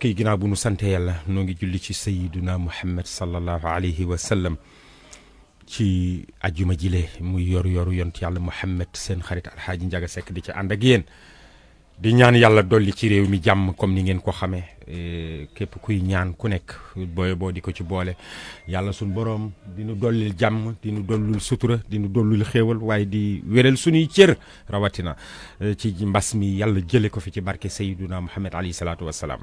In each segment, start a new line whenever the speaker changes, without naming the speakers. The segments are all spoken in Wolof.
كي جنا بونو سنتي الله نوغي جولي شي سيدنا محمد صلى الله عليه وسلم شي اجوما جيلي مو يور يور يونت يالله محمد سين خريط الحاج نجاغا سيك دي شي عندك ين دي نيان يالله دولي شي ريو مي جام كوم ني نين كو خامي إيه كيب كوي نيان كو نيك بوي بو ديكو شي بولي يالله سون بروم دي نو دولي الجام دي نو دولي السطرة دي نو دولي الخيول واي دي ويرل سوني تير رواتنا شي مباسمي يالله جيلي كو في تي باركي سيدنا محمد عليه الصلاة والسلام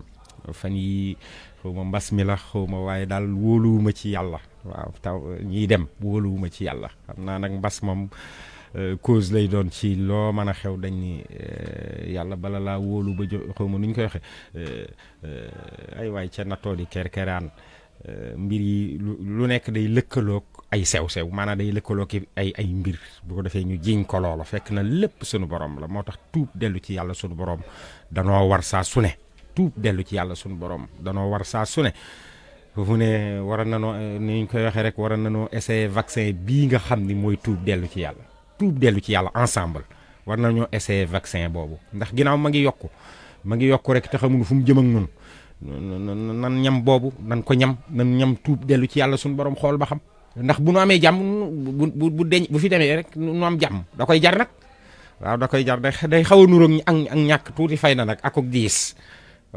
fan yi xaw ma mbas mi la xawma waaye daal wóoluwuma ci yàlla waaw taw ñiy dem wóoluwuma ci yàlla xam naa nag mbas moom euh, cause lay doon ci loo mën a xew dañ ni euh, yàlla bala laa wóolu ba jo xaw ma nu ñu euh, ay waay ca nattoo di kerkeraan mbir yi lu nekk day lëkkalook ay sew-sew maanaam day lëkkaloog ay ay mbir bu ko defee ñu jiñ ko loola fekk na lépp sunu borom la moo tax tuub dellu ci yàlla sunu borom danoo war saa su tuub dellu ci yàlla suñu borom danoo war saa su ne fu ne war a nanoo ni ñu koy waxee rek war a nanoo essayer vaccin bii nga xam ni mooy tuub dellu ci yàlla tuub dellu ci yàlla ensemble war nañoo essayer vaccin boobu ndax ginnaaw ma ngi yokku ma ngi yokku rek te xamul fu mu jëm ak ñun nan ñam boobu nan ko ñam nan ñam tuub dellu ci yàlla suñu borom xool ba xam ndax bu nu amee jàmm bu bu bu deñ bu fi demee rek nu am jàmm da koy jar nag waaw da koy a nuróog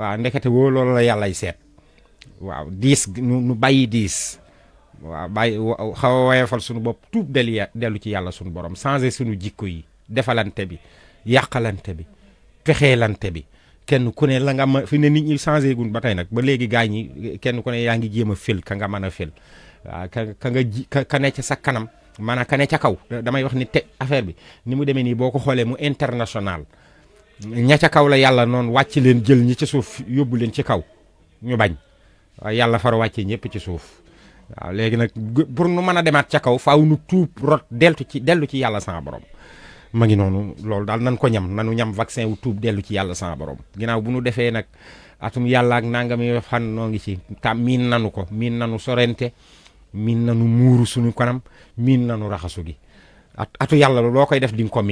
waaw ndekete woo loolu la yàllay seet waaw diis nu nu bàyyi diis waaw bàyyi xaw a woyefal suñu bopp tuub deli dellu ci yàlla suñu borom changé suñu jikko yi defalante bi yàqalante bi pexeelante bi kenn ku ne la nga ma fi ne nit ñi changé gun ba tey nag ba léegi gaa ñi kenn ku ne yaa ngi jéem a fël ka nga mën a fël waaw ka nga ji ka ne ca sa kanam maanaam ka ne ca kaw damay wax ni te affaire bi ni mu demee nii boo ko xoolee mu international ña ca kaw la yàlla noonu wàcc leen jël ñi ci suuf yóbbu leen ci kaw ñu bañ waaye yàlla far wàccee ñëpp ci suuf waaw léegi nag pour nu mën a demaat ca kaw faaw nu tuub rot deltu ci dellu ci yàlla sama borom ma ngi noonu loolu daal nan ko ñam nanu ñam vaccin wu tuub dellu ci yàlla sama borom ginnaaw bu nu defee nag atum yàlla ak nangam yoo xam noo ngi ci tam miin nanu ko miin nanu sorente miin nanu muuru suñu kanam miin nanu raxasu gi at atu yàlla loo koy def di nga ko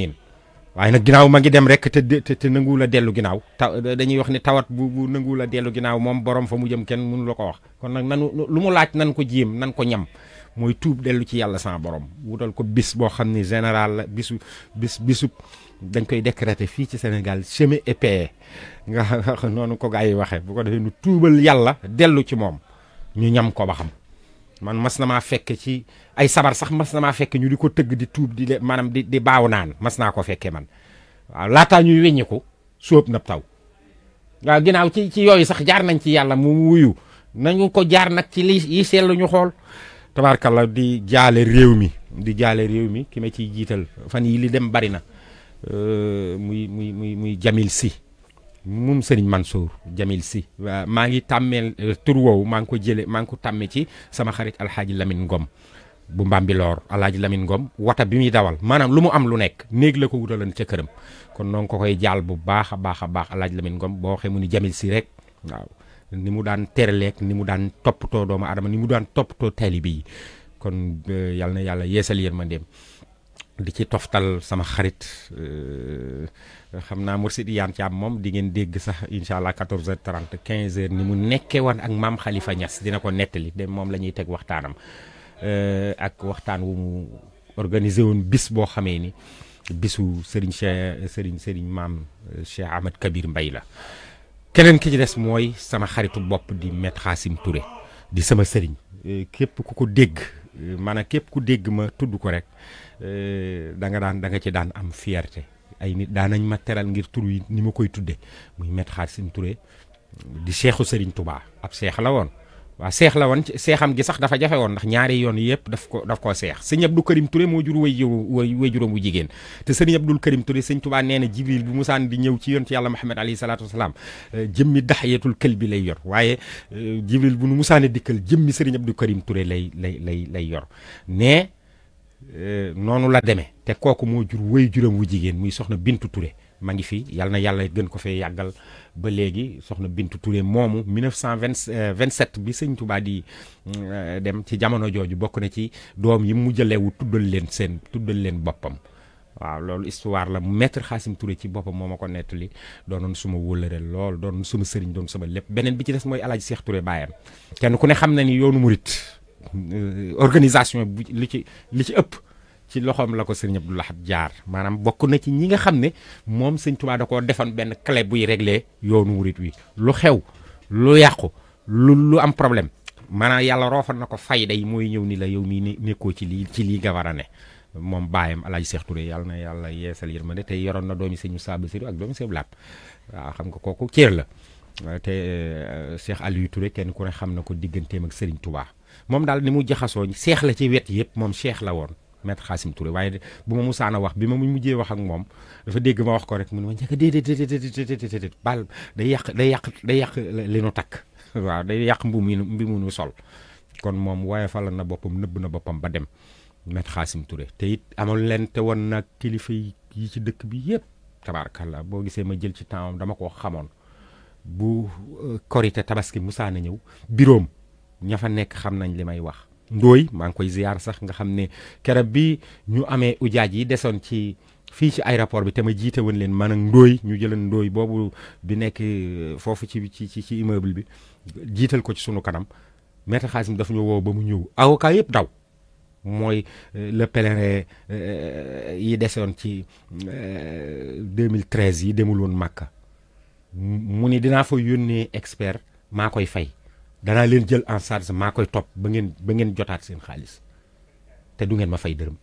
waaye nag ginnaaw ma ngi dem rek te te te nanguwul dellu ginnaaw taw dañuy wax ne tawat bu bu nanguwul a dellu ginnaaw moom borom fa mu jëm kenn munu la ko wax kon nag nanu lu mu laaj nan ko jéem nan ko ñam mooy tuub dellu ci yàlla sama borom wutal ko bis boo xam ni général la bisu bis bisub dañ koy décréter fii ci Sénégal chemin et paix nga noonu ko gaa yi waxee bu ko defee nu tuubal yàlla dellu ci moom ñu ñam ko ba xam man mas na maa fekke ci ay sabar sax mas na maa fekk ñu di ko tëgg di tuub di le maanaam di di baaw naan mas naa ko fekkee man waaw laataa ñuy weññi ko sóob nab taw waaw ginnaaw ci ci yooyu sax jaar nañ ci yàlla mu wuyu nañu ko jaar nag ci li yi seetlu ñu xool tabaarkalla di jaale réew mi di jaale réew mi ki ma ciy jiital fan yi li dem bari na muy muy muy muy Jamil Si moom Serigne Mansour Jamil si maa ngi tàmmeel euh, tur woowu maa ngi ko jëlee maa ngi ko tàmme ci sama xarit alxaaji Lamine Ngom bu Mbambilor alxaaji Lamine Ngom wata bi muy dawal maanaam lu mu am lu nekk néeg la ko wutalan ca këram kon noo ngi ko koy jaal bu baax a baax a baax alxaaji Lamine Ngom boo waxee mu ni Jamil si rek waaw ni mu daan lekk ni mu daan toppatoo doomu aadama ni mu daan toppatoo taalibe bii kon euh, yàlla na yàlla yeesal yéen ma ndéem di ci toftal sama xarit euh, xam naa Mourchid Iyane Thiam moom di ngeen dégg sax incha allah 14h30 15h ni mu nekkee woon ak maam Khalifa Niass dina ko nettali de moom la ñuy teg waxtaanam euh, ak waxtaan wu mu organisé woon bis boo xamee ni bisu Serigne Cheikh Serigne Serigne maam euh, Cheikh Ahmed Kabir mbay la. keneen ki ci des mooy sama xaritu bopp di maître Xaasim Touré di sama sëriñ euh, képp ku ko dégg maanaam képp ku dégg ma tudd ko rek da nga daan da nga ci daan am fierté. ay nit daanañ ma teral ngir tur yi ni ma koy tudde muy met Xaasim Touré di seexu Serigne tubaa ab seex la woon waa seex la woon seexam gi sax dafa jafe woon ndax ñaari yoon yëpp daf ko daf koo seex sëñ Abdou Karim Touré moo jur way way juróom bu jigéen te sëñ du Karim Touré sëñ tubaa nee na Jibril bu musaan di ñëw ci yoon ci yàlla Muhammad alayhi salaatu wasalaam euh, jëmmi daxayetul kël bi lay yor waaye euh, Jibril bu nu musaane dikkal jëmmi sëriñ du Karim Touré lay lay lay lay yor Eh, noonu la demee té kooku mo jur wéy juram wu jigen muy soxna bintou Touré ma ngi fi yàlla na yàlla gën ko fee yagal ba légui soxna bintou Touré momu 1927 euh, bi seigne Touba di euh, dem ci jamono joju bokk na ci dom yi mu wu tuddal len sen tuddal len bopam waaw loolu histoire la maître khassim Touré ci bopam momako netuli donon suma lool donon suma sëriñ don sama lepp benen bi ci dess moy El Cheikh Touré bayam kenn ku ne xam na ni yoonu mouride Euh, organisation bi li ci li ci ëpp ci loxoom la ko sëriñ Abdou Lahad jaar maanaam bokk na ci ñi nga xam ne moom sëñ Tuubaa da koo defoon benn clé buy réglé yoonu murit wi lu xew lu yàqu lu lu am problème maanaam yàlla roofal na ko fayda yi mooy ñëw ni la yow mii nekkoo ci lii ci lii nga war a ne moom baayam El Hadj Cheikh Touré yàlla na yàlla yeesal yërmande te yoroon na doomi sëñu saabu sëriñ ak doomi sëñ Laat waaw xam nga kooku cër la te euh, Cheikh Aliou Touré kenn ku ne xam na ko digganteem ak sëriñ Tuubaa moom daal ni mu jaxasoo seex la ci wet yëpp moom seex la woon maître Xaasim Touré waaye bu ma musaan a wax bi ma mujjee wax ak moom dafa dégg ma wax ko rek mu ne ma njëkk a déedéet déedéet déedéet baal day yàq day yàq day yàq li nu takk waaw day yàq mbu mu mbi mu nu sol kon moom waaye fala na boppam nëbb na boppam ba dem maître Xaasim Touré te it amul leen te woon nag kilifa yi ci dëkk bi yëpp tabaarkalla boo gisee ma jël ci temps dama koo xamoon bu euh, korite tabaski musaana ñëw biroom ña fa nekk xam nañ li may wax ndooy maa ngi koy ziar sax nga xam ne keroog bi ñu amee ujaaj yi desoon ci fii ci aéroport bi te ma jiite woon leen man ak ñu jëlan ndóoy boobu bi nekk euh, foofu ci ci ci immeuble bi jiital ko ci sunu kanam maître Xaasim dafa ñu woo ba mu ñëw avocat yëpp daw mooy euh, le pèlerin euh, yi desoon ci 2013 yi demul woon Màkka mu ni dinaa fa yónnee expert maa koy fay danaa leen jël en charge maa koy topp ba ngeen ba ngeen jotaat seen xaalis te du ngeen ma fay dërëm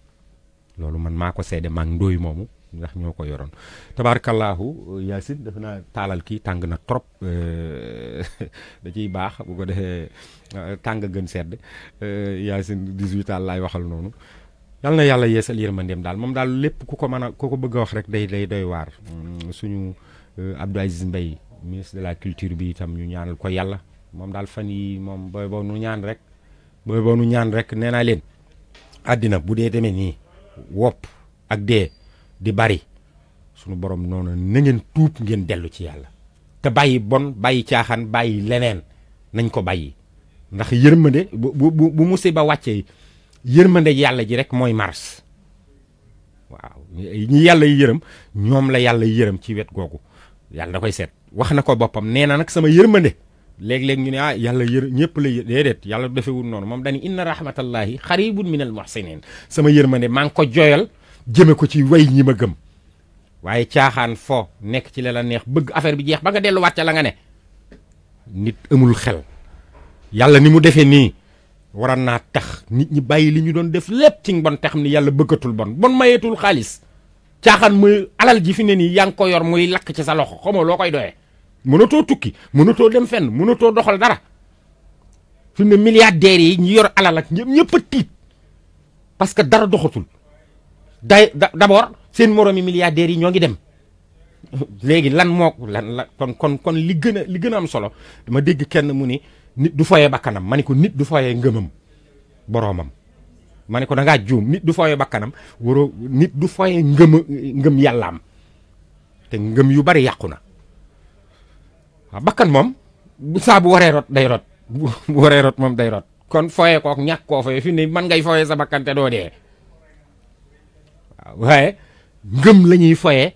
loolu man maa ko seede maa ngi ndóoy moomu ndax ñoo ko yoroon tabaarakallahu yaasin def naa taalal kii tàng na trop euh, da ciy baax bu ko defee euh, tàng gën sedd euh, yaasin 18 ans laay waxal noonu yal na yàlla yeesal yërmandeem daal moom daal lépp ku ko mën a ku ko bëgg a wax rek day day doy waar mm, suñu Abdou Aziz Mbaye ministre de la culture bi itam ñu ñaanal ko yàlla moom daal fan yii moom booy boo nu ñaan rek booy boo ñaan rek nee naa leen àddina bu dee demee nii wopp ak dee di bari sunu borom noonu na ngeen tuub ngeen dellu ci yàlla te bàyyi bon bàyyi caaxaan bàyyi leneen nañ ko bàyyi ndax yërmande bu bu bu musiba wàccee yërmande yàlla ji rek mooy mars waaw ñi yàlla yërëm ñoom la yàlla yërëm ci wet googu yàlla da koy seet wax na ko boppam nee na nag sama yërmande léeg-léeg ñu ne ah yàlla yër ñëpp la yër déedéet yàlla defewul noonu moom dañu inna rahmatallahi xaribun minal muhsinin sama ma ne ngi ko jooyal jëme ko ci way ñi ma gëm waaye caaxaan fo nekk ci la la neex bëgg affaire bi jeex ba nga delluwaat ca la nga ne nit amul xel yàlla ni mu defee nii waroon naa tax nit ñi bàyyi li ñu doon def lépp ci bon te xam ni yàlla bëggatul bon bon mayeetul xaalis caaxaan muy alal ji fi ne nii yaa ngi ko yor muy lakk ci sa loxo xamoo loo koy doyee mënatoo tukki mënatoo dem fenn mënatoo doxal dara fi mu ne yi ñu yor alal ak ñëpp yëpp a tiit parce que dara doxatul day d'abord seen moroomi milliardaires yi ñoo ngi dem. léegi lan moo lan la kon kon kon li gën a li gën a am solo dama dégg kenn mu ni nit du foyee bakkanam ma ni ko nit du foyee ngëmam boroomam. ma ne ko da ngaa juum nit du foyee bakkanam waroo nit du foyee ngëm ngëm yàllaam te ngëm yu bari yàqu na. Ah, bakkan mom bu sa bu waré rot day rot bu waré rot mom day rot kon foyee kook ñàkk koo foyee fi ne man ngay foyé sa bakkan té do dé waay ngëm lañuy foyé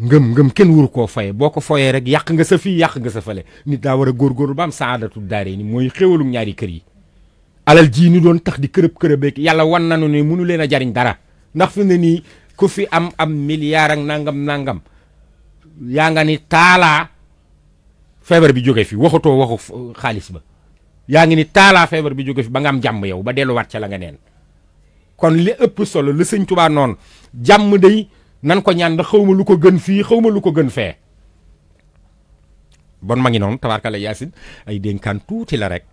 ngëm ngëm kenn wuur ko foyé boko foyé rek yak nga sa fi yak nga sa fële nit da wara gor gor ba saadatu daare ni moy xéwalu ñaari kër yi alal ji ni doon tax di kërëb kërëbeek yalla wan nañu ni mënu leena jariñ dara ndax fi ni ku fi am am milliard ak nangam nangam ya nga ni taalaa feebar bi jóge fi waxatoo waxu xaalis ba yaa ngi ni taalaa feebar bi jóge fi ba nga am jàmm yow ba delluwaat ca la nga neen kon li ëpp solo la sëñ Tuubaa noonu jàmm day nan ko ñaan ndax xaw ma lu ko gën fii xaw ma lu ko gën fee. bon ma ngi noonu tabaarkalla yaasin ay dénkaan tuuti la rek.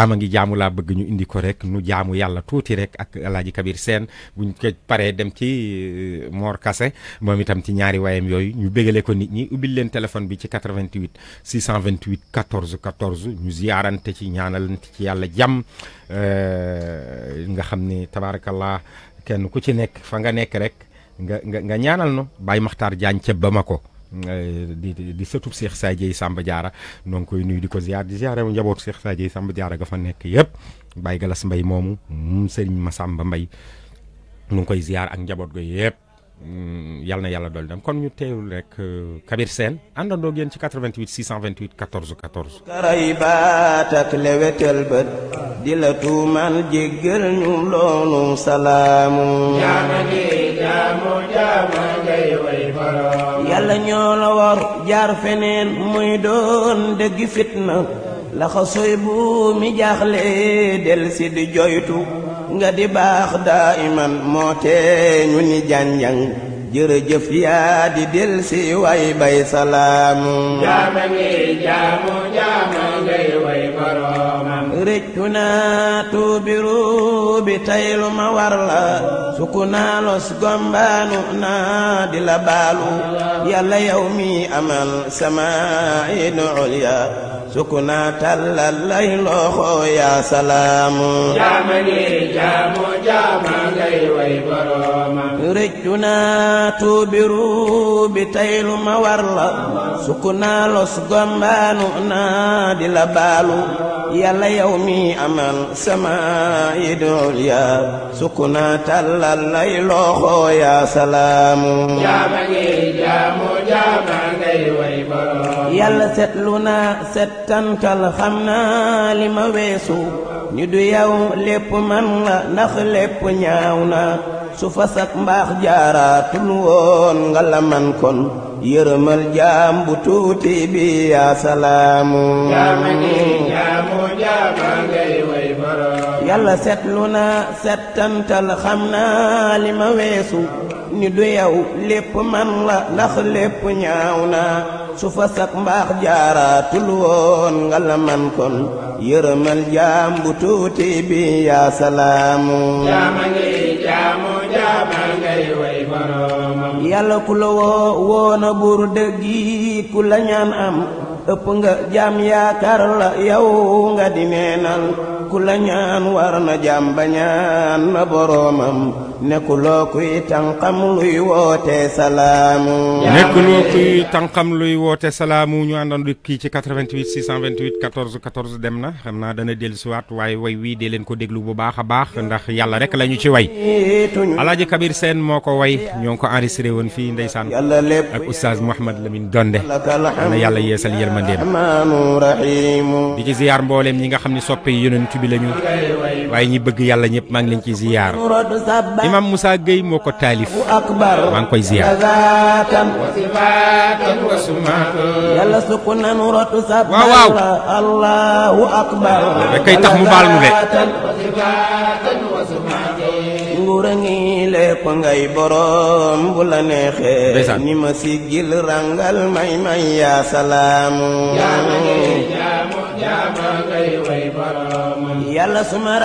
a ngi jaamu laa bëgg ñu indi ko rek nu jaamu yàlla tuuti rek ak alaaji kabir seen buñ ko paree dem ci euh, Mor Kase moom itam ci ñaari wayam yooyu ñu bégale ko nit ñi ubbil leen téléphone bi ci 88 628 14 14 ñu ziyaarante ci ñaanal ñaanalante ci yàlla jàmm euh, nga xam ne tabaarakallah kenn ku ci nekk fa nga nekk rek nga nga nga ñaanal no bay Makhtar Diagne ca ko Euh, di di sëtub Cheikh Sadji Samba Diarra noo ngi koy nuyu di ko ziar di ziare njabootu Cheikh Sadji Samba Diarra ga fa nekk yëpp Baye Galas Mbaye moomu Serigne Massamba Mbaye nu ngi koy ziar ak njaboot ga yëpp mm, yàlla na yàlla dool dem kon ñu teewul rek euh, Kabir Sène àndandoo ngeen ci 88 628 14 14.
karay baat ak lewetal bët di la tuumal jéggal ñu loolu salaamu. yàlla ñoo la war jaar feneen muy doon dëgg fitna laxasooy bu mi jaaxle del si di joytu nga di baax daa iman moo tee ñu ni jànjang jërëjëf yaa di del si way bay salaamu jaama jaamu jaama ngay way boroomam rëccu naa tuubiru bi taylu ma war sukku los gombaanu naa di la baalu yàlla yow mi amal sama inu ulya sukku naa tàllal yaa salaamu jaama ngi jaamu jaama way borooma rëccu naa taylu ma war la los gombaanu naa di la baalu yàlla yow mi amal sama yi dul sukkuna tàllal lay loxo salaamu jaama ngi jaamu jaama ngay way borom yàlla seetlu naa seetantal xam na li ma weesu ñu du yow lépp man la ndax lépp ñaaw na su fasak mbaax jaaraatul woon nga man kon yërëmal jaam bu tuuti bi yaa salaamu yàlla seetlu na settantal xam naa li ma weesu ni du yow lépp man la ndax lépp ñaaw naa su fasak mbaax jaaraatul woon nga la man kon yërëmal jaam bu tuuti yaa salaamu yàlla ku la woo woona buur dëgg ku la ñaan am ëpp nga jaam yaakaar la yow nga di meenal ku la ñaan war na jaam ba ñaan na boroomam nekkuloo kuy tànqam luy woote salaamu.
nekkuloo kuy tànqam luy woote salaamu ñu àndoon kii ci 88 628 14 14 dem na xam naa dana dellusiwaat waaye way wii de leen ko déglu bu baax a baax ndax yàlla rek la ñu ci way. Alaaji Kabir Seen moo ko woy ñoo ngi ko enregistré woon fii ndeysaan ak oustaz Mouhamed Lamine Donde na yàlla yeesal yërmandeem. di ci ziyaar mbooleem ñi nga xam ne soppe yonent bi lañu waaye ñi bëgg yàlla ñëpp maa ngi leen ci ziyaar. imam Moussa Gueye moo ko taalif maa ngi koy ziyaar
waaw waaw allahu akbar
rek kay tax mu baal nu
de nguur a ngi lekk ngay borom bu la neexee ni ma siggil rangal may may yaa salaamu yàlla suma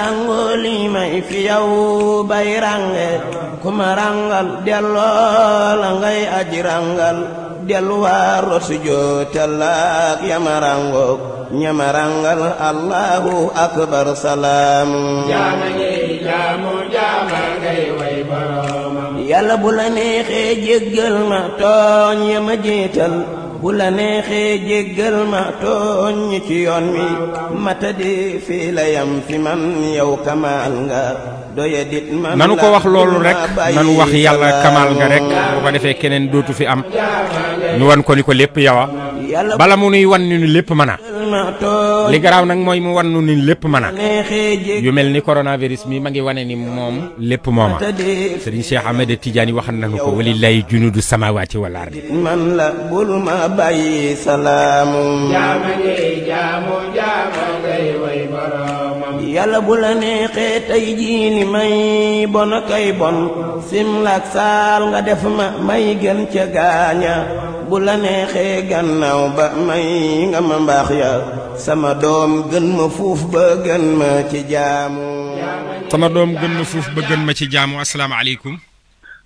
may fi yow bay rànge ngay aji ràngal delluwaar rosu jootallaak yama allahu akbar salaamu jaama jaamu jaama ngay way boroomam yàlla ma tooñ yama bu la neexee jéggal yoon wi matadi fii la yam man yow kamaal nga doyadit
nanu ko wax loolu rek nanu wax yàlla kamaal nga rek bu ko defee keneen dootu fi am ñu wan ko ni ko lépp yow a bala mu nuy wan ni lépp mën a li garaaw nag mooy mu wan ni lépp mën a yu mel ni coronavirus mi ma ngi wane ni moom lépp mooma sëriñ Cheikh Ahmed Tidiane waxan nañu ko walillahi junudu samaawaati wal ardi
bay salaamu jaama ngay jaamu jaama ngay way boromam bu la neexee tey jii may bon kay bon simlaak saal nga def ma may gën ca gaaña bu la neexee gannaaw ba may nga ma mbaax ya sama
doom gën ma fuuf ba gën ma ci jaamu sama doom gën ma fuuf ba gën ma ci jaamu asalaamaaleykum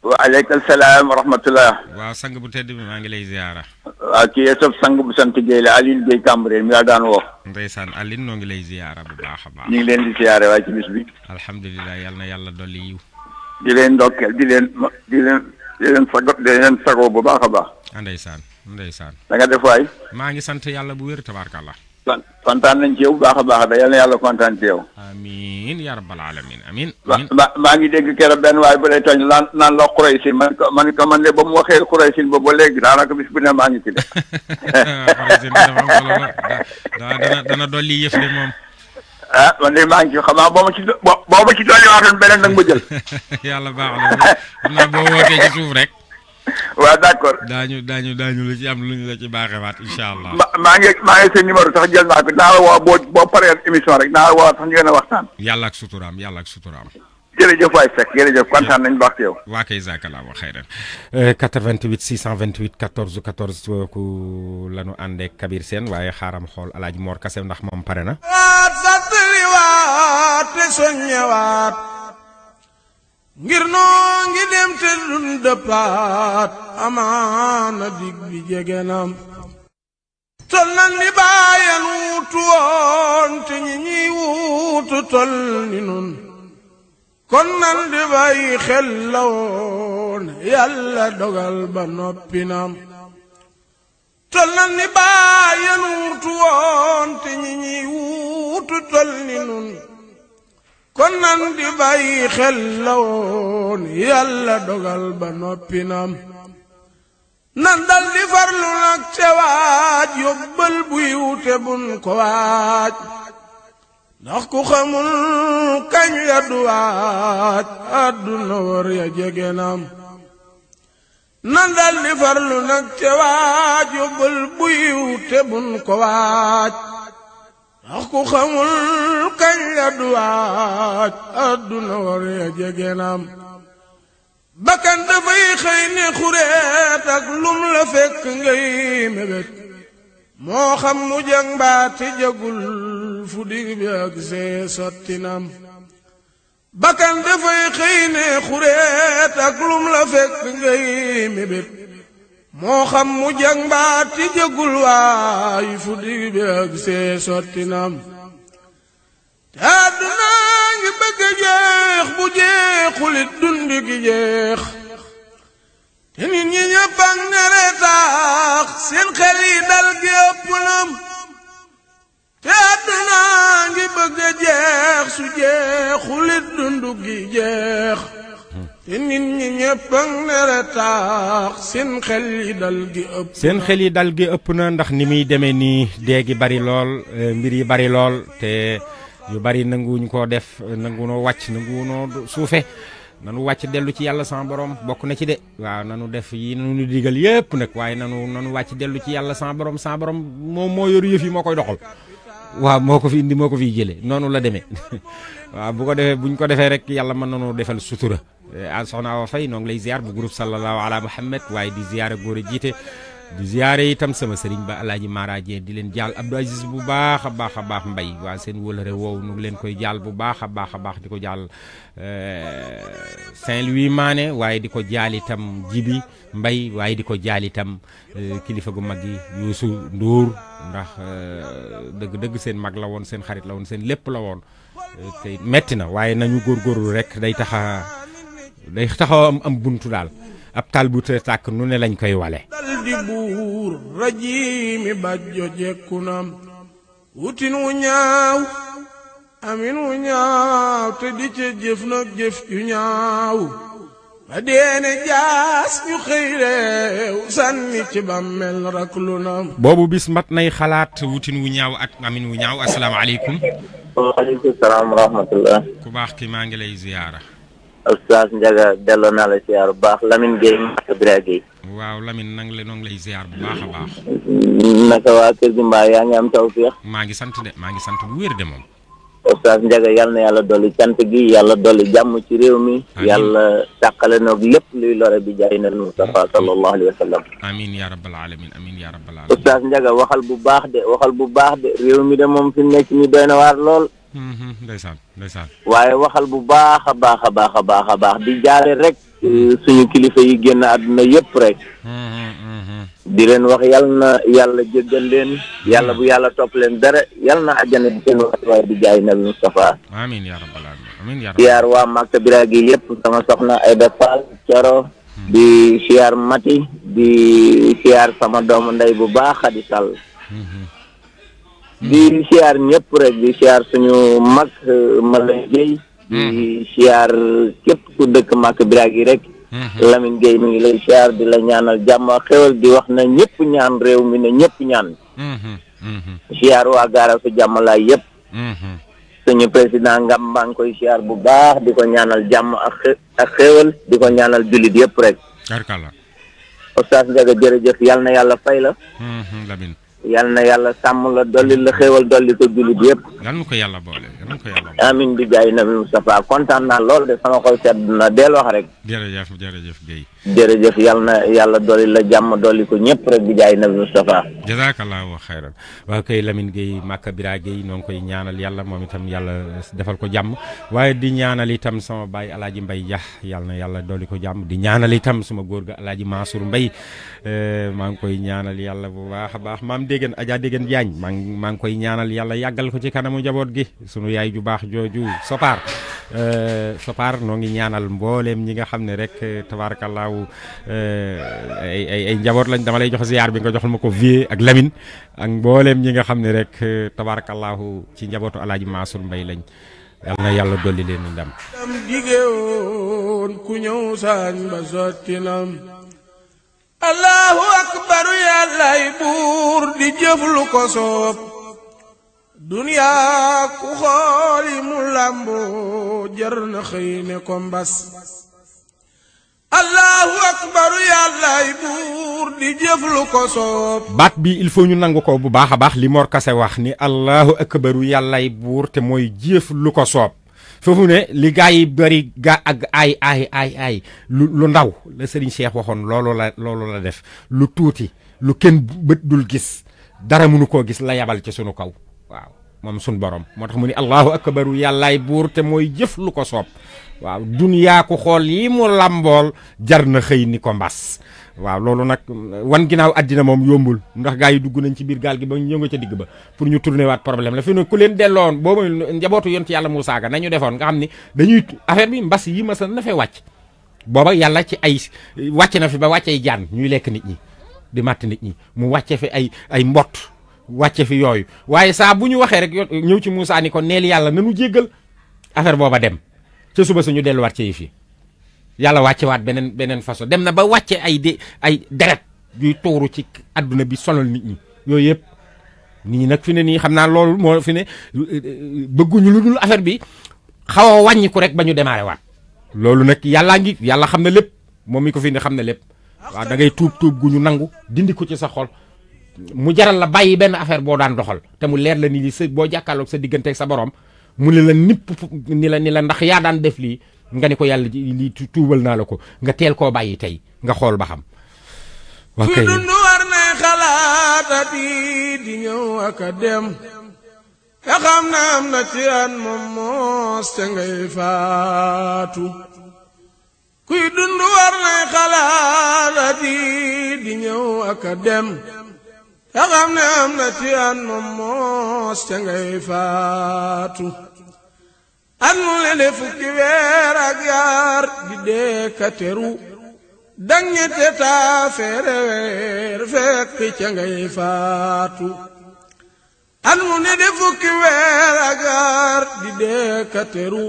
waaleykum salaam wa rahmatullah. waaw sang bu tedd bi
maa ngi lay ziara. waaw kii yëpp sang bu sant Guèye la Alioune Guèye Cambérène mi la daan woo.
ndeysaan Alioune noo ngi lay
ziara bu baax a baax. ñu ngi leen di ziara waaye ci bis bi. alhamdulilah yal na yàlla dolli yiw. di leen ndokkeel di leen di leen di leen sago di leen sagoo bu baax
ndeysaan ndeysaan. da nga def waay. maa ngi sant yàlla bu wér tabaarkàlla. kon kontaan nañ ci yow baax a baax da yal na yàlla kontaan ci yow. amiin yaa rabbal alamin amiin. maa
ngi dégg keroog benn waaye bu lay tooñ naan naan la Xuraysin man man man de ba mu waxee Xuraysin ba ba léegi daanaka bis bu ne maa ngi ci de. Xuraysin dana dana dana dolli yëf de moom. ah man de maa ngi ci xamaa boo ma ci do boo ma ci dolliwaatoon beneen nag ma jël.
yàlla baax na xam naa boo wootee ci suuf rek. waaw d' accord daañu daañu daañu la ci am lu ñu la ci baaxewaat incha allah. ma maa ngi
maa ngi seen numéro sax jël naa ko la woo boo boo paree émission rek naa la woo ñu gën a waxtaan.
yàlla ak suturaam yàlla ak suturaam.
jërëjëf waay Seck kontaan nañu baax ci yow.
waa kay jazakallahu xayran. 88 628 14 14 ku lanu àndee Kabir Sène waaye xaaram xool El Hadj Mor ndax moom pare na.
ngir noo ngi dem te dun amaana dig bi jegenam tol nan li bàyyen woon te ñi ñiy wuutu tol nun kon nan di bàyyi xel woon yàlla dogal ba noppinam tol nan li bàyyen wuutu woon te ñi ñiy wuutu tol nun kon nan di bàyyi xel la woon yàlla dogal ba noppi naam nan dal farlu nag te waaj yóbbal buy wute bun ko ku xamul kañ ya du waaj àdduna war ya jege naam nan dal farlu nag te waaj yóbbal buy wute bun ax ku xamul kañ la duwaaj adduna war ya jegenaam bakkan dafay xëy xureet ak lum la fekk ngay mébét moo xam mu jëg mbaati jagul dig bi ak see sottinam bakkan dafay xëy xureet ak lum la fekk ngay mébét moo xam mu jàng baat ti jëggul waay fu dig bi ak te àdduna ngi bëgg jeex bu jeexulit dund gi jeex te nit ñi ñëpp ak nere taax xel yi dal gi ëpp te àdduna ngi bëgg jeex su jeexulit dund gi jeex nit ñi ñëpp a taax seen xel yi dal gi ëpp.
seen xel yi dal gi ëpp na ndax ni muy demee nii dee bari lool euh, mbir yi bari lool te yu bari nangu nanguwuñ koo def nanguwunoo wàcc noo suufe nanu wàcc dellu ci yàlla sama borom bokk na ci de. waaw nanu def yi nanu digal yëpp nag waaye nanu nanu wàcc dellu ci yàlla sama borom sama borom moom moo yor yëf yi moo koy doxal. waaw moo ko fi indi moo ko fiy jëlee noonu la demee waaw bu ko defee buñ ko defee rek yàlla mën nanoo defal sutura. Euh, soxna Awa Faye noo ngi lay ziar bu groupe sallallahu ala Muhammad waaye di ziare góor a jiite di ziare itam sama sëriñ ba alaaji maaraaje di leen jaal Abdou Aziz bu baax a baax a baax mbay waa seen wëlëre woow nu leen koy jaal bu baax a baax a baax di ko jaal euh, Saint-Louis Mané waaye di ko jaal itam Jibi mbay waaye di ko jaal itam euh, kilifa gu mag yi Youssou Ndour ndax dëgg-dëgg seen mag la woon seen xarit la woon seen lépp la woon metti na waaye day taxaw am am buntu daal ab taal bu te tàkk nu ne lañ koy wale dal
di buur rajiimi bajjo jekku nam wutinu ñaaw aminu ñaaw te di ca jëf nag jëf ju ñaaw ba jaas ñu xëy réew
ci bàmmeel rak nam boobu bis nay xalaat wutin wu ñaaw amin wu ñaaw asalaamaaleykum
waaleykum salaam wa
ku baax ki maa ngi lay ziyaara
oustaz Ndiaga delo na la ziar bu baax Lamine Gueye Mbacke Bira Gueye. waaw
Lamine nang le nong lay ziar bu baax baax.
naka wa Kër gi mbaa yaa am tawfiq
maa ngi sant de maa ngi sant bu wér de mom
oustaz Ndiaga yalla na yàlla dolli gi yalla doli jàmm ci rew mi. yalla takale no lepp luy lore bi jaay na safa sallallahu alaihi wasallam
amin ya rabbal alamin amin ya rabbal
alamin. oustaz Ndiaga waxal bu baax de waxal bu baax de rew mi de mom fi nekk nii doy na
Mhm, ndeysaan ndeysaan
waaye waxal bu baax a baax a baax a baax a baax di jaare rek euh, suñu kilifa yi génn àdduna yépp rek mhm, mhm. di leen wax yal na yàlla jéggal leen yàlla bu yàlla topp leen dara yàlla na àjjana di seen wax waaye di jaay nabi Mustafa
amiin yaa rabbal aalamiin siyaar
waa Makka Biraag gi yépp sama soxna Ayda Fall Coro di siyaar Mati di siyaar sama doomu ndey bu baax a di siar ñep rek di siar suñu mag eh, Malay di hmm. siar kep ku dekk mak Biragi rek hmm. Lamine gey mi ngi lay siar di la ñaanal jamm xewal di wax na ñep ñaan rew mi ne ñep ñaan hmm. siar wa gara su jàmmalaay yëpp suñu president ngam ba ng koy siar bu baax di ko ñaanal jamm ak xewal di ko ñaanal julit yep rek Oustaz Jere jërëjëf yal na yàlla fay la Lamine yal na yàlla sàmm la dolli la xéewal dolli ko jullit yépp
yal na ko yàlla boole yal
amin bi jaay nabi Moustapha kontaan naa lool de sama xol sedd na deel wax rek
jërëjëf jërëjëf gay jërëjëf
yal na yàlla dolli la jàmm dolli ko ñëpp rek bi jaay nabi
jazakallah wa xayran wa kay lamin gay Maka Bira gay noo ngi koy ñaanal yàlla moom itam yàlla defal ko jàmm waaye di ñaanal itam sama baay alaaji Mbay yah yal na yàlla dolli ko jàmm di ñaanal itam sama góor ga alaaji Mansour Mbay eh, maa ngi koy ñaanal yàlla bu baax baax maam Dégéen Adja Dégéen Jaañ maa ngi maa ngi koy ñaanal yàlla yàggal ko ci kanamu njaboot gi sunu yaay ju baax jooju Sopaar euh, Sopaar noo ngi ñaanal mbooleem ñi nga xam ne rek tabaarakallaahu euh, ay ay ay njaboot lañ dama lay jox ziar bi nga joxal ma ko vie ak Lamine ak mbooleem ñi nga xam ne rek tabaarakallaahu ci njabootu alaaji Maasul Mbay lañ yàlla na yàlla dolli leen ndam.
ndam allahu akbaru yàllaay buur di jëf ko soob
baat bi il faut ñu nangu ko bu baax a baax li Mor Kase wax ni allahu akbaru yàllaay buur te mooy jëf ko soob foofu ne li gaa bari bëri ga ak ay ay ay ay lu lu ndaw la sëriñ Cheikh waxoon loolu la loolu la def lu tuuti lu kenn bët dul gis dara mënu koo gis la yabal ci sunu kaw waaw moom sunu borom moo tax mu ni allahu akbaru yàllaay buur te mooy jëf lu ko soob waaw duniyaa ko xool yi mu làmbool jar na xëy ni ko mbas waaw loolu nag wan ginaaw àddina moom yombul ndax gaa yi dugg nañ ci biir gaal gi ba ñëw nga ca digg ba pour ñu tourner waat problème la fi ne ku leen delloo woon boobu njabootu yont yàlla Moussa ga nañu defoon nga xam ne dañuy affaire bi mbas yi mas na fee wàcc booba yàlla ci ay wàcc na fi ba wàccee ay jaan ñuy lekk nit ñi di màtt nit ñi mu wàccee fi ay ay mbott wàccee fi yooyu waaye saa bu ñu waxee rek ñëw ci Moussa ni ko neel yàlla nanu jéggal affaire booba dem ca suba suñu delluwaat ci yëf yi wacce wat benen benen façon dem na ba wacce ay ay deret yuy toru ci aduna bi solal nit ñi yoy yëpp ni nak fi ne ni xamna lool mo fi ne beggu lu affaire bi xawa a wàññiku rek bañu ñu démarré waat loolu nak yalla ngi yalla xamna lepp lépp mi ko fi ne xamna lepp wa da ngay tuup tuup guñu nangu dindi ko ci sa xol mu jaral la bayyi ben affaire bo daan doxal te mu leer la ni li bo jakkalok sa sa borom mu ni la nipp ni la ni la ndax ya daan def li nga ni ko yàlla lii tuubal naa la ko nga teel koo bàyyi tey nga xool ba xam. waa kay dund
war na xalaatati di ñëw ak a dem. te xam na am na ci an moom moos ngay faatu. kuy dund war na xalaatati di ñëw ak a dem. te xam na am na ci an moom moos ngay faatu. am le ne fukki weer ak yaar di deeka teru dangete taa feere weer fekk ca ngay faatu am mu de fukki weer ak yaar di deeka teru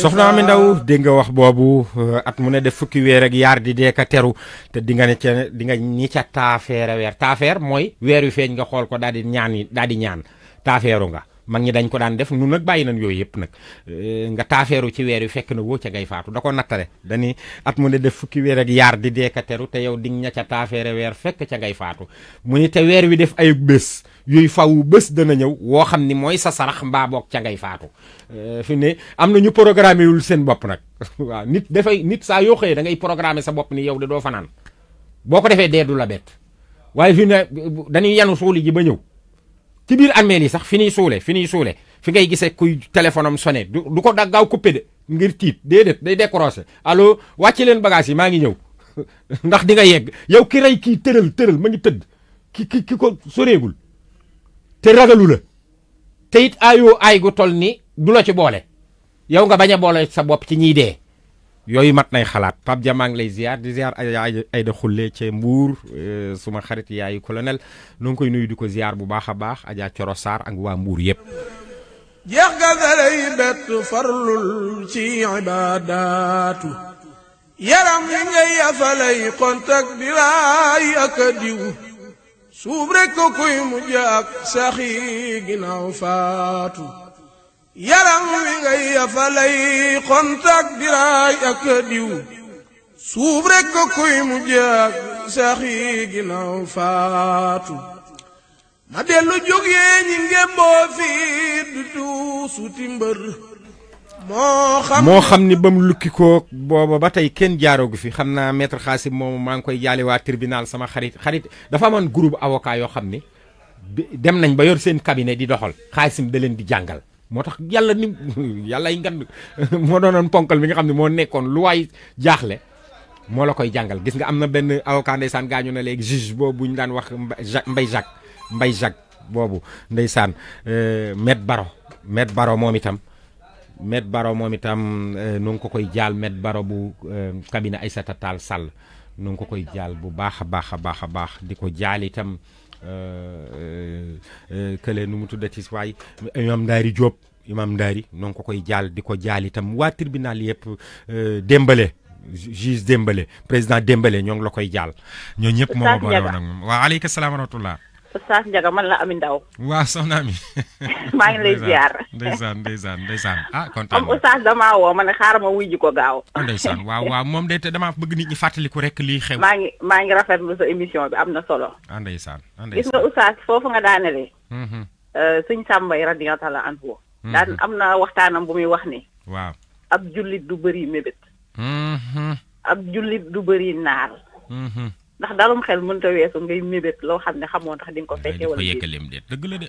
soxna mi ndaw
dégg nga wax boobu uh, at mu ne def fukki weer ak yaar di dee ka teru te di nga ne ca di nga ñi ca taafeere weer taafeer mooy weer wi feeñ nga xool ko daal di ñaan daal di ñaan taafeeru nga mag ñi dañ ko daan def nun nag bàyyi nañ yooyu yëpp nag uh, nga taafeeru ci weer wi fekk na woo ca ngay faatu da ko nattale dañuy at mu ne def fukki weer ak yaar di dee ka teru te yow di nga ña ca taafeere weer fekk ca ngay faatu mu ni te weer wi def ayub bés yooyu faw bës dana ñëw woo xam ni mooy sa sarax mbaa boog ca ngay faatu euh, fi ne am na ñu programme wul seen bopp nag waaw nit dafay nit saa yoo xëyee da ngay programmer sa bopp ni yow de doo fanaan boo ko defee dee du la bett waaye fi ne dañuy yanu suuli ji ba ñëw ci biir armeel yi sax fi ñuy suule fi ñuy suule fi ngay gisee kuy téléphone am sonné du du ko da gaaw coupé de ngir tiit déedéet day décroché allo wàcce leen bagage yi maa ngi ñëw ndax di nga yegg yow ki rey kii tëral tëral ma ngi tëdd ki ki ki ko soreegul te ragalu la te it ayo ay gu tol ni du la ci boole yow nga bañ a boole sa bopp ci ñiy dee yooyu mat nay xalaat pap jama maa ngi lay ziar di ziar ay ay da xulle ci Mbuur eh, suma xarit yaayu colonel nu ngi koy nuyu di ko ziar bu baax a baax aja Coro Sarr ak waa Mbuur yépp
jeex ga bett farlul ci ibaadaatu yaram ngay afalay kontak bi raay ak diw suub rek ko kuy mujj ak saxi ginnaaw faatu yaram wi ngay yafalay xontak diraay ak diw suub rek ko kuy mujj ak saxi ginnaaw faatu ma dellu jóg yee ñi ngémboo fii du tuusuti moo xam
ni ba mu lukki koo booba ba tey kenn jaaroogu fi xam naa maître Xaasim moom maa ngi koy jaale waa tribunal sama xarit xarit dafa amoon groupe avocat yoo xam ni dem nañ ba yor seen cabinet di doxal Xaasim da leen di jàngal moo tax yàlla ni yàlla ay ngan moo doonoon ponkal bi nga xam ne moo nekkoon lu waay jaaxle moo la koy jàngal gis nga am na benn avocat ndeysaan gaañu na léegi juge boobu bu ñu daan wax Mbaye Jacques Mbaye Jacques boobu ndeysaan euh, maître Baro maître moom itam Maître Baro moom itam euh, nu ko koy jaal Maître Baro bu cabinet euh, Aïssata Tall Sall nu ko koy jaal bu baax a baax a baax a baax di ko jaal itam euh, kële nu mu tuddati waay imam Ndaari Diop imam Ndaari nu ngi ko koy jaal di ko jaal itam waa tribunal yëpp dembale juge dembale président dembale ñoo ngi la koy jaal ñoo ñëpp moom a boole woon ak moom salaam wa
Oustaz Ndiaga man la Ami Ndaw
waaw soxna mi maa ngi lay ziar ndeysaan ndeysaan ndeysaan ah kontaan am
Oustaz damaa woo ma ne xaaral ma wuy ji ko gaaw
ah, ndeysaan waaw waaw moom de te damaa bëgg nit ñi fàttaliku rek lii xew maa
ngi maa ngi rafetlu sa émission bi am na solo
ah ndeysaan ah, gis nga
Oustaz foofu nga daanele mm-hmm. euh, suñ sàmbay radiyallahu taala anhu mm-hmm. daan am na waxtaanam bu muy wax ni waaw ab jullit du bëri mébét
mm-hmm.
ab jullit du bëri naar ndax dalum xel mënta weesu ngay mébét loo xam ne xamoo tax di nga ko fekkee wala dëgg la de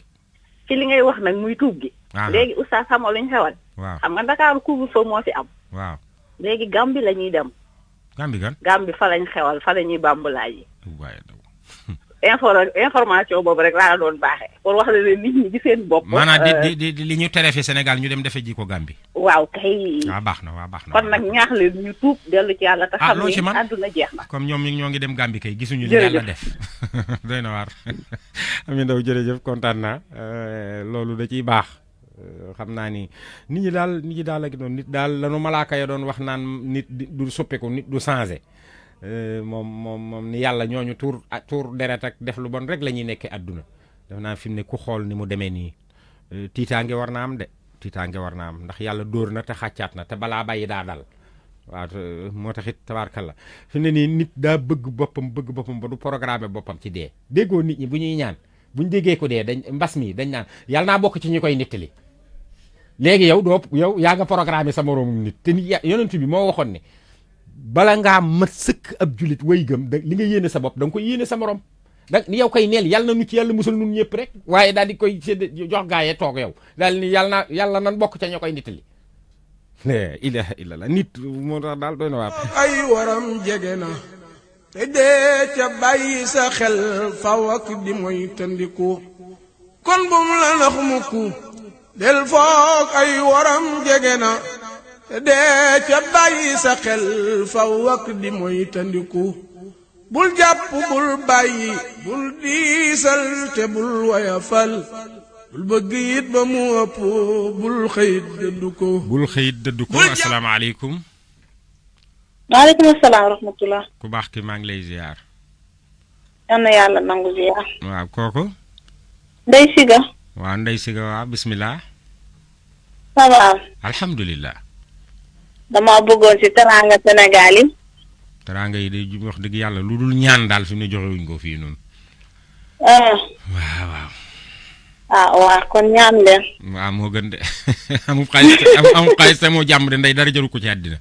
ci li ngay wax nag muy tuub gi ah. léegi oustaz xamoo lu ñu xewal xam nga Dakar couvre-feu moo ci am waaw léegi Gàmbi la ñuy dem Gàmbi gan Gàmbi fa lañ xewal fa la ñuy bàmbulaay yi info information boobu rek laa la doon baaxee pour wax la ne nit ñi di bopp. maanaam euh,
di di li ñu tere fi Sénégal ñu dem defe jiko ko
waaw kay. waaw
baax na waaw baax na kon
nag ñaax leen ñu tuub dellu ci yàlla. te ah, xam ni àdduna jeex na
comme ñoom ñoo ngi dem Gambie kay gisuñu li yàlla def. doy na waar Ami Ndaw jërëjëf kontaan naa euh, loolu da ciy baax. Euh, xam naa ni nit ñi daal nit ñi daal ak noonu nit daal lanu malaaka ya doon wax naan nit du soppeeku nit du changé. Euh, moom moom moom ni yàlla ñooñu tuur ah, tuur deret ak def lu bon rek la ñuy nekkee àdduna def naa fi mu ne ku xool ni mu demee nii euh, tiitaange war na am de tiitaange war na am ndax yàlla dóor na te xàccaat na te balaa bàyyi daa dal euh, moo tax it tabaarka la fi ne nii nit daa bëgg boppam bëgg boppam ba du programme boppam ci dee déggoo nit ñi bu ñuy ñaan bu ñu déggee ko dee dañ mbas mi dañ naan yàlla naa bokk ci ñu koy nettali léegi yow doo yow yaa nga programme sama moroomum nit te bi moo waxoon ne bala ngaa mat sëkk ab julit way gëm li nga yéene sa bopp da nga koy yéene sa morom da ni yow koy neel yàlla na nu ci yàlla musal nun ñëpp rek waaye daal koy sédd jox gaayee toog yow daal ni yàlla na yàlla nan bokk ca ñoo koy nittali la ilaha illallah nit moo tax daal doy na waa
xel faw ak di ay waram jege na dee ca bàyyi sa xel faw di moy bul jàpp bul bàyyi bul diisal te bul woyafal bul bëgg ba mu bul xëyit
dëddu bul xëyit dëddu ko asalaamaaleykum
maaleykum salaam wa
ku baax ki maa ngi lay ziar
yal yàlla nangu ziar waaw kooku ndey siga
waaw ndey siga waaw bismillah ça va
dama bëggoon ci teraanga Sénégal yi.
teraanga yi day wax dëgg yàlla lu dul ñaan daal fi mu ne joxewuñ ko fii noonu.
Ah. waaw waaw. ah waaw kon ñaan leen.
waaw moo gën de amu xaalis amu xaalis te moo jàmm de ndey dara jëru ko ci àddina.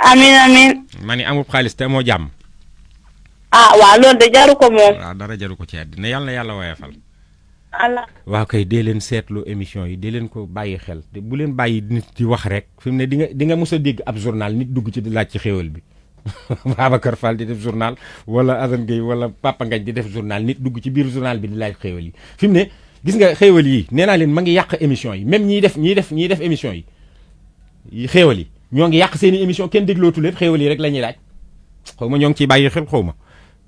amin amin
ma ni amu xaalis te moo jàmm.
ah
waaw loolu de jaru ko moom.
waaw dara jaru ko ci àddina yàlla na yàlla woyofal. allah waaw kay dee leen seetlu émission yi dee leen ko bàyyi xel te bu leen bàyyi nit di wax rek fi mu ne dinga nga mos a dégg ab journal nit dugg ci di laaj ci xéwal bi Babacar Fall di def journal wala Assane Gueye wala Papa di def journal nit dugg ci biir journal bi di laaj xéwal yi fi mu ne gis nga xéwal yi nee naa leen ma ngi yàq émission yi même ñiy def ñiy def ñiy def émission yi xéwal yi ñoo ngi yàq seen i émission kenn déglootu leen xéwal yi rek la ñuy laaj xaw ma ñoo ngi ciy bàyyi xel xaw ma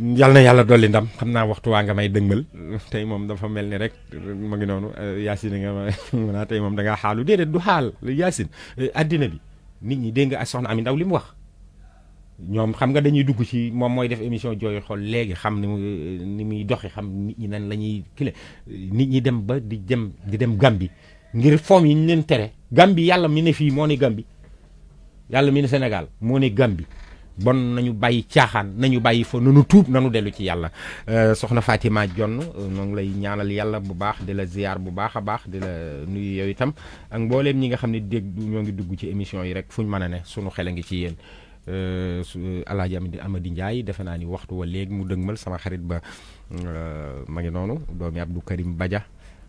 yal na yàlla dolli ndam xam naa waxtu waa nga may dëngal tey moom dafa mel ni rek ma ngi noonu eh, Yacine nga ma tey moom da ngaa xaalu déedéet du xaal Yacine àddina eh, bi nit ñi dégg nga soxna Ami Ndaw li mu wax ñoom xam nga dañuy dugg ci moom mooy def émission jooy xool léegi xam ni mu ni muy doxi xam nit ñi nan la ñuy kile nit ñi dem ba di dem di dem Gàmbi ngir fom yi ñu leen tere Gàmbi yàlla mi ne fii moo ne Gàmbi yàlla mi ne Sénégal moo ne Gàmbi bon nañu bàyyi caaxaan nañu bàyyi fa nanu tuub nanu dellu ci yàlla euh, soxna Fatima Jonn euh, noo ngi lay ñaanal yàlla bu baax di la ziar bu baax a baax di la nuyu yow itam ak mbooleem ñi nga xam ne dégg ñoo ngi dugg ci émission yi rek fu ñu mën a ne sunu xel a ngi ci yéen di euh, amadi amadi Ndiaye defe naa ni waxtu wa léegi mu dëgmal sama xarit ba ma noonu doomi Abdou Karim Badja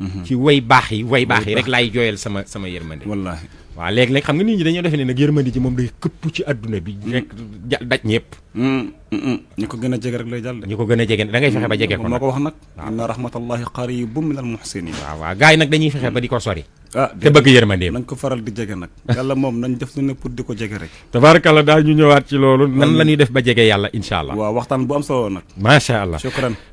Mhm. ci way baax yi way baax yi rek laay jooyal sama sama yërmande wallaahi waaw léeg-léeg xam nga nit ñi dañoo defee ne nag yërmande ji moom day këpp ci adduna bi mm. rek daj ñëpp mm, mm, ñi ko gën a jege rek lay jàll de ko gën a jege da ngay fexe ba jege ko ko wax nag inna rahmatallahi qaribun minal muhsinin waaw waaw gars yi nag dañuy fexe ba di ko sori ah te bëgg yërmandeem nañ ko faral di jege nag yàlla moom nañ def lu ne pour di ko jege rek tabarakallah daal ñu ñëwaat ci loolu nan la ñuy def ba jege yàlla incha allah waaw waxtaan bu am solo nag macha allah shukran